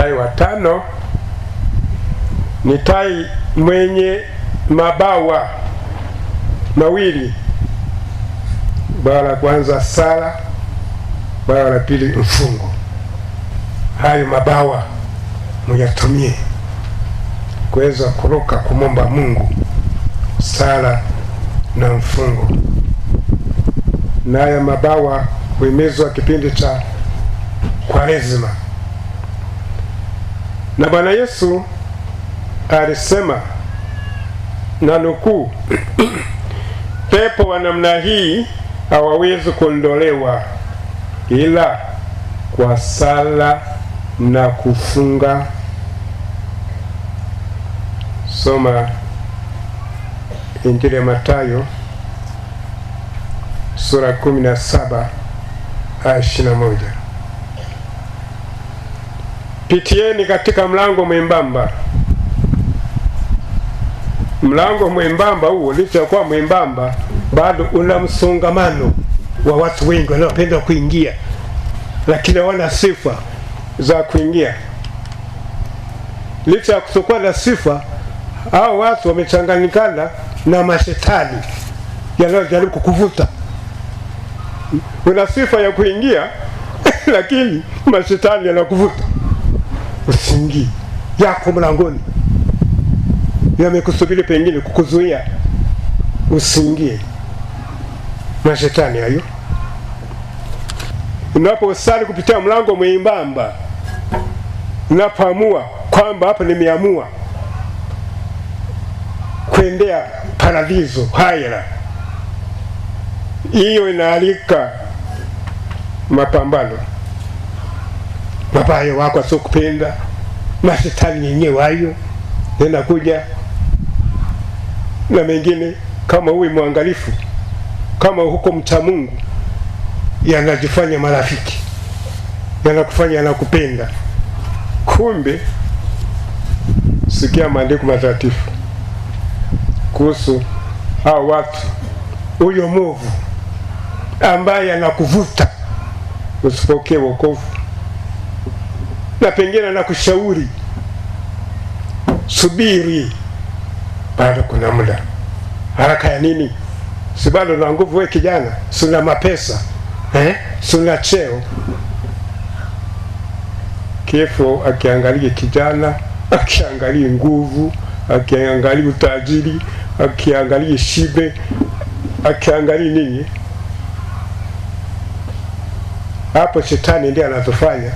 Tai wa tano ni tai mwenye mabawa mawili, bawa la kwanza sala, bawa la pili mfungo. Hayo mabawa muyatumie kuweza kuruka kumomba Mungu, sala na mfungo. Na haya mabawa huimizwa kipindi cha Kwaresima. Na Bwana Yesu alisema na nukuu, pepo wa namna hii hawawezi kuondolewa ila kwa sala na kufunga. Soma Injili ya Mathayo sura 17 aya 21. Pitieni katika mlango mwembamba. Mlango mwembamba huo, licha ya kuwa mwembamba, bado una msongamano wa watu wengi wanaopenda kuingia, lakini hawana sifa za kuingia. Licha ya kutokuwa na sifa, hao watu wamechanganyikana na mashetani yanayojaribu kukuvuta. Una sifa ya kuingia, lakini mashetani yanakuvuta usingi yako mlangoni, yamekusubiri pengine kukuzuia usingi Na shetani hayo, unaposali kupitia mlango mwembamba, unapoamua kwamba hapa nimeamua kuendea paradiso haira, hiyo inaalika mapambano mabayo wako sio kupenda mashetani yenyewe wayo yanakuja na mengine. Kama uwe mwangalifu, kama huko mcha Mungu, yanajifanya marafiki, yanakufanya yanakupenda, kumbe sikia maandiko matakatifu kuhusu hao watu, huyo mwovu ambaye anakuvuta usipokee wokovu na pengine nakushauri subiri, bado kuna muda. Haraka ya nini? Si bado na nguvu wewe kijana, sina mapesa eh? suna cheo. Kifo akiangalia kijana, akiangalia nguvu, akiangalia utajiri, akiangalia shibe, akiangalia nini. Hapo shetani ndiye anatufanya